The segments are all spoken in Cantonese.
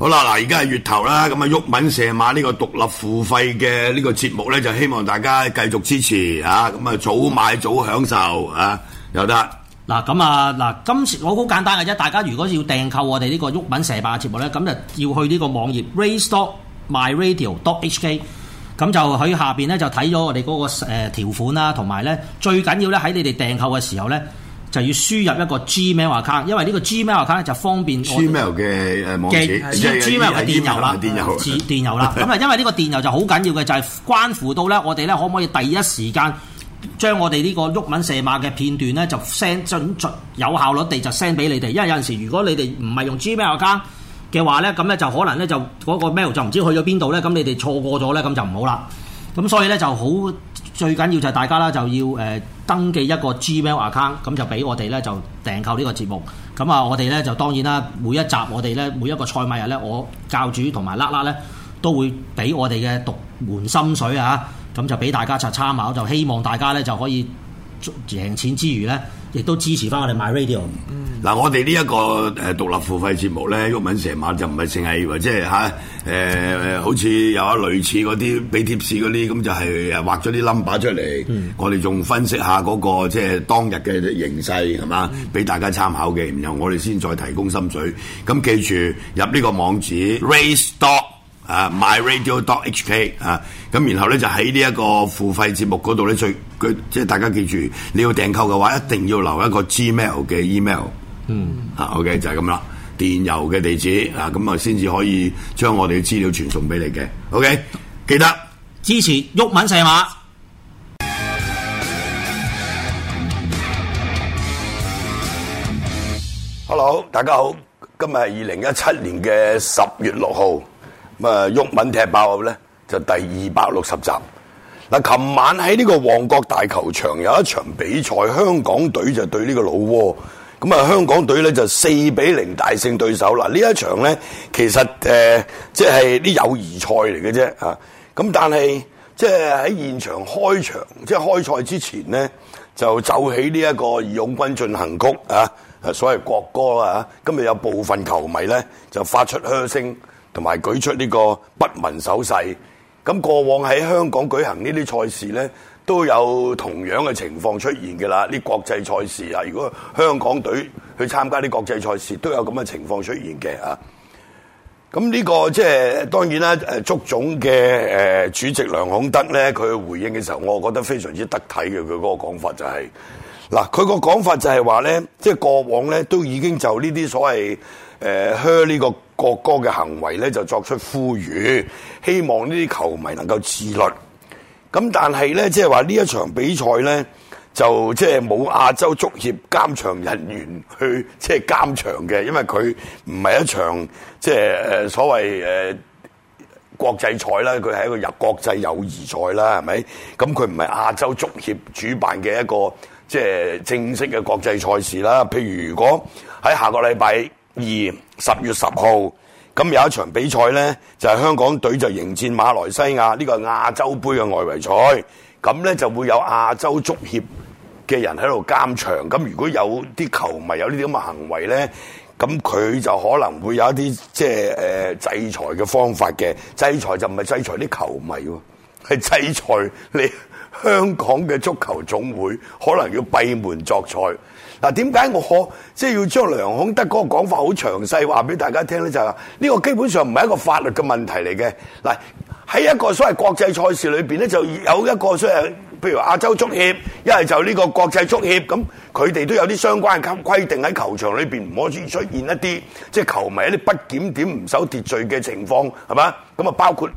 好啦，嗱，而家係月頭啦，咁啊，毓民射馬呢個獨立付費嘅呢個節目咧，就希望大家繼續支持嚇，咁啊早買早享受嚇，有得嗱，咁啊嗱，今次我好簡單嘅啫，大家如果要訂購我哋呢個毓民射馬嘅節目咧，咁就要去呢個網頁 raise dot my radio dot hk，咁就喺下邊咧就睇咗我哋嗰個誒條款啦，同埋咧最緊要咧喺你哋訂購嘅時候咧。就要輸入一個 Gmail account，因為呢個 Gmail account 咧就方便我嘅 g -G 嘅。g 嘅誒網址 Gmail 嘅電郵啦，電郵啦。咁啊，因為呢個電郵就好緊要嘅，就係、是、關乎到咧，我哋咧可唔可以第一時間將我哋呢個鬱文射馬嘅片段咧，就 send 準準有效率地就 send 俾你哋。因為有陣時，如果你哋唔係用 Gmail account 嘅話咧，咁咧就可能咧就嗰個 mail 就唔知去咗邊度咧，咁你哋錯過咗咧，咁就唔好啦。咁所以咧就好最緊要就係大家啦，就要誒。呃登記一個 Gmail account，咁就俾我哋咧就訂購呢個節目。咁啊，我哋咧就當然啦，每一集我哋咧每一個賽馬日咧，我教主同埋拉拉咧都會俾我哋嘅獨門心水啊，咁就俾大家插參考，就希望大家咧就可以贏錢之餘咧。亦都支持翻我哋買 radio、嗯。嗱、啊，我哋呢一個誒獨立付費節目咧，毓民成晚就唔係係淨係或者嚇誒好似有一類似啲俾貼士啲，咁就係誒畫咗啲 number 出嚟，嗯。我哋仲分析一下，嗰個即係當日嘅形勢係嘛，俾、嗯、大家參考嘅。然後我哋先再提供心水。咁記住入呢個網址，race dot。啊，MyRadio.hk 啊，咁然後咧就喺呢一個付費節目嗰度咧，最即係大家記住，你要訂購嘅話，一定要留一個 Gmail 嘅 email。嗯，啊，OK 就係咁啦，電郵嘅地址啊，咁啊先至可以將我哋嘅資料傳送俾你嘅。OK，記得支持毓民細馬。Hello，大家好，今日係二零一七年嘅十月六號。咁啊！毓民踢爆咧，就第二百六十集。嗱，琴晚喺呢個旺角大球場有一場比賽，香港隊就對呢個老撾。咁啊，香港隊咧就四比零大勝對手。嗱，呢一場咧其實誒，即係啲友誼賽嚟嘅啫啊。咁但係即係喺現場開場，即係開賽之前咧，就奏起呢一個義勇軍進行曲啊，所謂國歌啊。今日有部分球迷咧就發出噓聲。同埋舉出呢個不文手勢，咁過往喺香港舉行呢啲賽事呢，都有同樣嘅情況出現嘅啦。啲國際賽事啊，如果香港隊去參加啲國際賽事，都有咁嘅情況出現嘅啊。咁呢個即係當然啦。足總嘅、呃、主席梁孔德呢，佢回應嘅時候，我覺得非常之得體嘅。佢嗰個講法就係，嗱，佢個講法就係話呢，即係過往呢，都已經就呢啲所謂，誒，哼呢個國歌嘅行為咧，就作出呼籲，希望呢啲球迷能夠自律。咁但係咧，即係話呢一場比賽咧，就即係冇亞洲足協監場人員去即係監場嘅，因為佢唔係一場即係誒所謂誒國際賽啦，佢係一個入國際友誼賽啦，係咪？咁佢唔係亞洲足協主辦嘅一個即係正式嘅國際賽事啦。譬如如果喺下個禮拜。十月十號，咁有一場比賽呢，就係、是、香港隊就迎戰馬來西亞呢、這個亞洲盃嘅外圍賽。咁呢就會有亞洲足協嘅人喺度監場。咁如果有啲球迷有呢啲咁嘅行為呢，咁佢就可能會有一啲即係制裁嘅方法嘅制裁，就唔係制裁啲球迷，係制裁你香港嘅足球總會，可能要閉門作賽。嗱點解我即係、就是、要將梁孔德嗰個講法好詳細話俾大家聽咧？就係話呢個基本上唔係一個法律嘅問題嚟嘅。嗱喺一個所謂國際賽事裏邊咧，就有一個所謂，譬如亞洲足協，一係就呢個國際足協，咁佢哋都有啲相關嘅規定喺球場裏邊唔可以出現一啲即係球迷一啲不檢點、唔守秩序嘅情況，係嘛？咁啊包括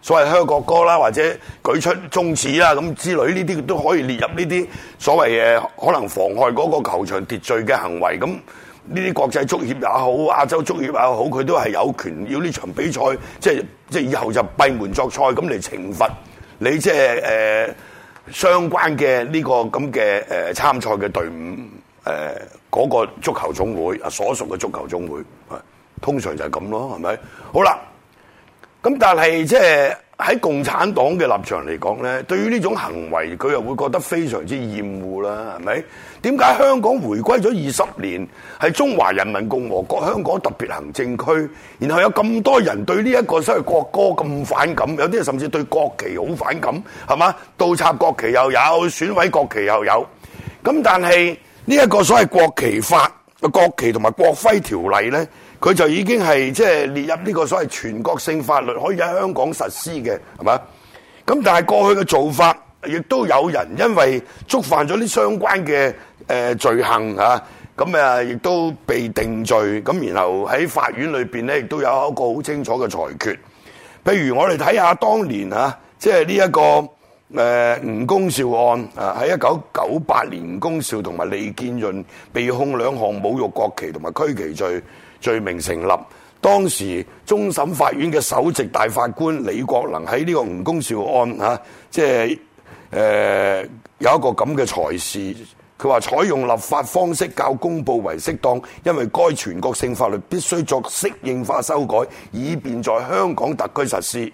所謂香港歌啦，或者舉出中指啦咁之類，呢啲都可以列入呢啲所謂嘅可能妨害嗰個球場秩序嘅行為。咁呢啲國際足協也好，亞洲足協也好，佢都係有權要呢場比賽，即係即係以後就閉門作賽咁嚟懲罰你，即係誒、呃、相關嘅呢、呢個咁嘅誒參賽嘅隊伍誒嗰、呃嗰個足球總會啊，所屬嘅足球總會啊，通常就係咁咯，係咪？好啦。咁但係即係喺共產黨嘅立場嚟講呢，對於呢種行為，佢又會覺得非常之厭惡啦，係咪？點解香港回歸咗二十年，係中華人民共和國香港特別行政區，然後有咁多人對呢一個所謂國歌咁反感，有啲甚至對國旗好反感，係嘛？倒插國旗又有，損毀國旗又有。咁但係呢一個所謂國旗法、國旗同埋國徽條例呢。佢就已經係即係列入呢個所謂全國性法律，可以喺香港實施嘅，係嘛？咁但係過去嘅做法，亦都有人因為觸犯咗啲相關嘅誒、呃、罪行啊，咁啊，亦都被定罪，咁然後喺法院裏邊咧，亦都有一個好清楚嘅裁決。譬如我哋睇下當年啊，即係呢一個誒吳、呃、公兆案啊，喺一九九八年，吳公兆同埋李建潤被控兩項侮辱國旗同埋區旗罪。罪名成立，當時終審法院嘅首席大法官李國能喺呢個吳恭劭案啊，即係、呃、有一個咁嘅裁示，佢話採用立法方式較公佈為適當，因為該全國性法律必須作適應化修改，以便在香港特區實施。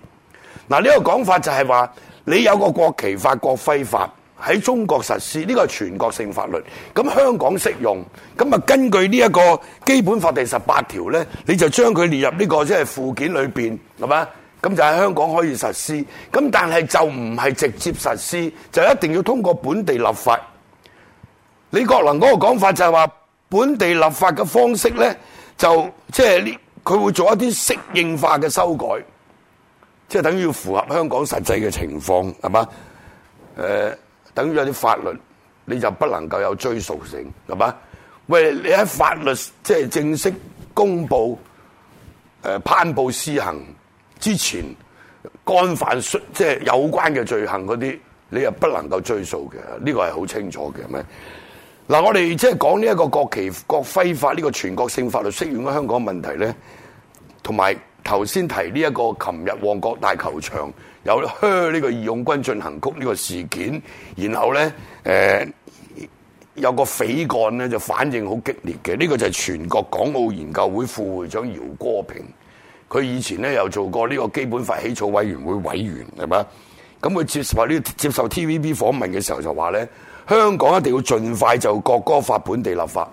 嗱、呃、呢、這個講法就係話，你有個國旗法、國徽法。喺中國實施呢個係全國性法律，咁香港適用，咁啊根據呢一個基本法第十八條呢你就將佢列入呢個即係附件裏邊，係嘛？咁就喺香港可以實施，咁但係就唔係直接實施，就一定要通過本地立法。李國能嗰個講法就係話，本地立法嘅方式呢，就即係呢，佢、就是、會做一啲適應化嘅修改，即、就、係、是、等於符合香港實際嘅情況，係嘛？呃等於有啲法律你就不能夠有追訴性，係嘛？餵你喺法律即係正式公布誒，頒佈施行之前，干犯即係有關嘅罪行嗰啲，你又不能夠追訴嘅，呢、這個係好清楚嘅，係咪？嗱，我哋即係講呢一個國旗國徽法呢、這個全國性法律適用喺香港問題咧，同埋。頭先提呢一個，琴日旺角大球場有噓呢、這個義勇軍進行曲呢個事件，然後呢，誒、呃、有個匪幹呢就反應好激烈嘅。呢、這個就係全國港澳研究會副會長饒戈平，佢以前呢又做過呢個基本法起草委員會委員，係嘛？咁佢接受呢接受 TVB 訪問嘅時候就話呢香港一定要盡快就國歌法本地立法，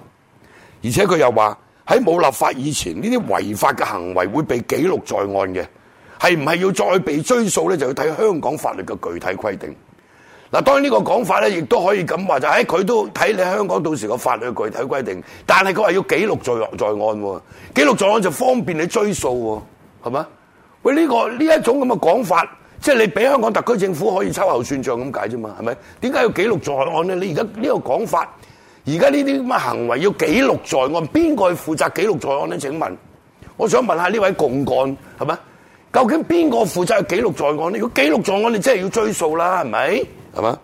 而且佢又話。喺冇立法以前，呢啲違法嘅行為會被記錄在案嘅，係唔係要再被追訴咧？就要睇香港法律嘅具體規定。嗱，當然呢個講法咧，亦都可以咁話就，誒佢都睇你香港到時個法律嘅具體規定，但係佢話要記錄在在案喎，記錄在案就方便你追訴喎，係嘛？喂，呢個呢一種咁嘅講法，即係你俾香港特區政府可以秋後算帳咁解啫嘛，係咪？點解要記錄在案咧？你而家呢個講法？而家呢啲咁嘅行為要記錄在案，邊個去負責記錄在案呢？請問，我想問下呢位共幹係咪？究竟邊個負責記錄在案呢？如果記錄在案，你真係要追訴啦，係咪？係嘛？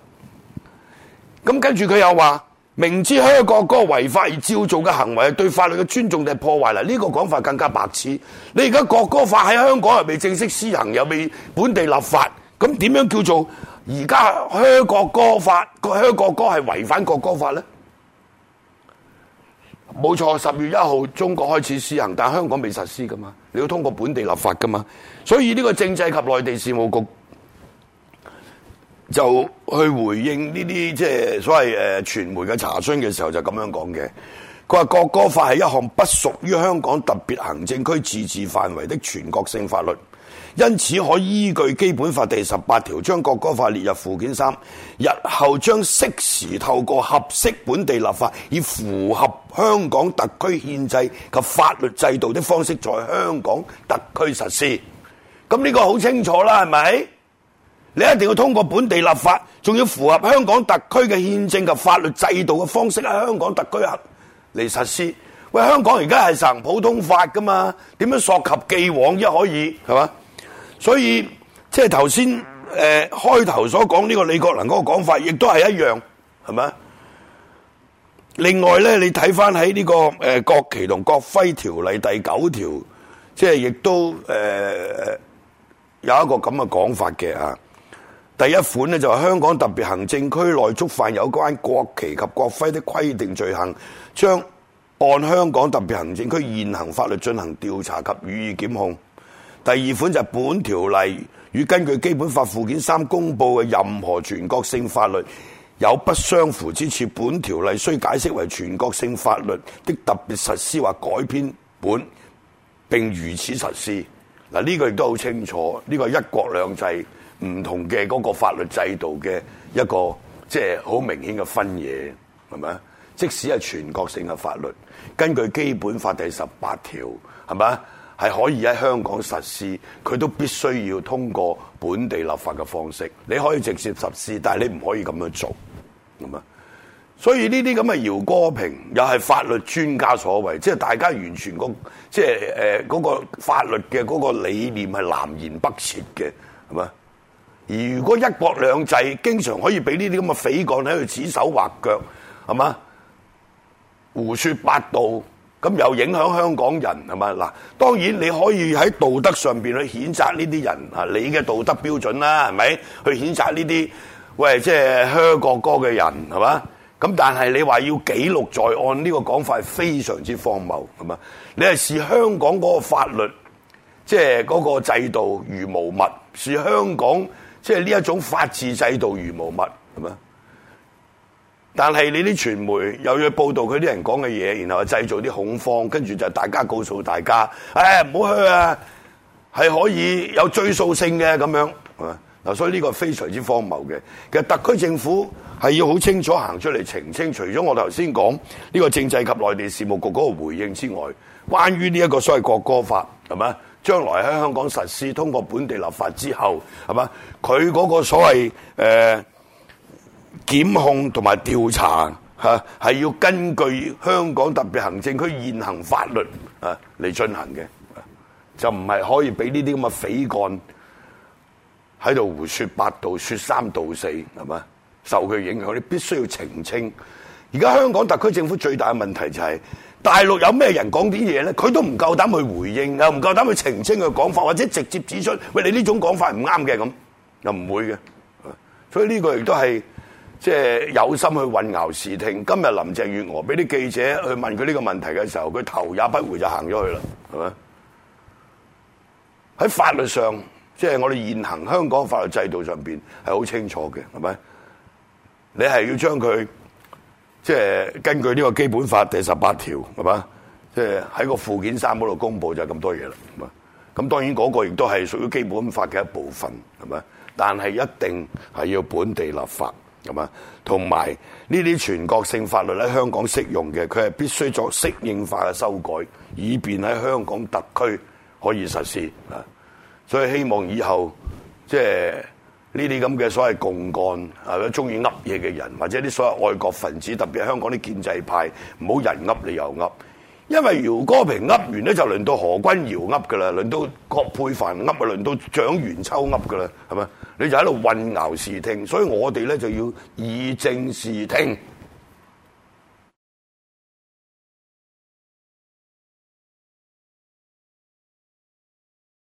咁跟住佢又話，明知香港歌違法而照做嘅行為係對法律嘅尊重定係破壞？啦、這、呢個講法更加白痴。你而家國歌法喺香港又未正式施行，又未本地立法，咁點樣叫做而家香港歌法個香港歌係違反國歌法呢？冇錯，十月一號中國開始施行，但香港未實施噶嘛？你要通過本地立法噶嘛？所以呢個政制及內地事務局就去回應呢啲即係所謂誒傳媒嘅查詢嘅時候，就咁樣講嘅。佢話《國歌法》係一項不屬於香港特別行政區自治範圍的全國性法律，因此可依據《基本法》第十八條將《國歌法》列入附件三。日後將適時透過合適本地立法，以符合香港特區憲制及法律制度的方式，在香港特區實施。咁呢個好清楚啦，係咪？你一定要通過本地立法，仲要符合香港特區嘅憲政及法律制度嘅方式喺香港特區行嚟實施，喂，香港而家係成普通法噶嘛？點樣溯及既往，一可以係嘛？所以即係頭先誒開頭所講呢個李國能嗰個講法，亦都係一樣係咪？另外咧，你睇翻喺呢個誒、呃、國旗同國徽條例第九條，即係亦都誒、呃、有一個咁嘅講法嘅啊！第一款咧就係香港特別行政區內觸犯有關國旗及國徽的規定罪行，將按香港特別行政區現行法律進行調查及予以檢控。第二款就係本條例與根據基本法附件三公佈嘅任何全國性法律有不相符之處，本條例須解釋為全國性法律的特別實施或改編本，並如此實施。嗱，呢個亦都好清楚，呢個一國兩制。唔同嘅嗰個法律制度嘅一個即係好明顯嘅分野，係咪？即使係全國性嘅法律，根據基本法第十八條，係咪？係可以喺香港實施，佢都必須要通過本地立法嘅方式。你可以直接實施，但係你唔可以咁樣做，係咪？所以呢啲咁嘅饒戈平又係法律專家所謂，即係大家完全即係誒嗰個法律嘅嗰個理念係南轅北轍嘅，係咪？而如果一國兩制，經常可以俾呢啲咁嘅匪幹喺度指手畫腳，係嘛？胡説八道，咁又影響香港人係嘛？嗱，當然你可以喺道德上邊去譴責呢啲人啊，你嘅道德標準啦，係咪？去譴責呢啲喂，即係噓國歌嘅人係嘛？咁但係你話要記錄在案呢個講法係非常之荒謬係嘛？你係視香港嗰個法律，即係嗰個制度如無物，視香港。即係呢一種法治制度如無物，係咪？但係你啲傳媒又要報導佢啲人講嘅嘢，然後製造啲恐慌，跟住就大家告訴大家，誒唔好去啊，係可以有追訴性嘅咁樣。嗱，所以呢個非常之荒謬嘅。其實特區政府係要好清楚行出嚟澄清，除咗我頭先講呢個政制及內地事務局嗰個回應之外，關於呢一個所謂國歌法，係咪？將來喺香港實施通過本地立法之後，係嘛？佢嗰個所謂誒、呃、檢控同埋調查嚇係要根據香港特別行政區現行法律啊嚟進行嘅，就唔係可以俾呢啲咁嘅匪幹喺度胡説八道、説三道四，係嘛？受佢影響，你必須要澄清。而家香港特區政府最大嘅問題就係、是。大陸有咩人講啲嘢咧？佢都唔夠膽去回應，又唔夠膽去澄清佢講法，或者直接指出：喂，你呢種講法唔啱嘅咁，又唔會嘅。所以呢個亦都係即係有心去混淆視聽。今日林鄭月娥俾啲記者去問佢呢個問題嘅時候，佢頭也不回就行咗去啦，係咪？喺法律上，即係我哋現行香港法律制度上邊，係好清楚嘅，係咪？你係要將佢。即、就、係、是、根據呢個基本法第十八條係嘛，即係喺個附件三嗰度公佈就咁多嘢啦係嘛。咁當然嗰個亦都係屬於基本法嘅一部分係嘛，但係一定係要本地立法係嘛，同埋呢啲全國性法律喺香港適用嘅，佢係必須作適應化嘅修改，以便喺香港特區可以實施。所以希望以後即係。就是呢啲咁嘅所謂共幹，係咪鍾意噏嘢嘅人，或者啲所謂愛國分子，特別香港啲建制派，唔好人噏你又噏，因為姚歌平噏完咧就輪到何君堯噏噶啦，輪到郭佩凡噏啊，輪到蔣元秋噏噶啦，係咪？你就喺度混淆視聽，所以我哋咧就要以正視聽。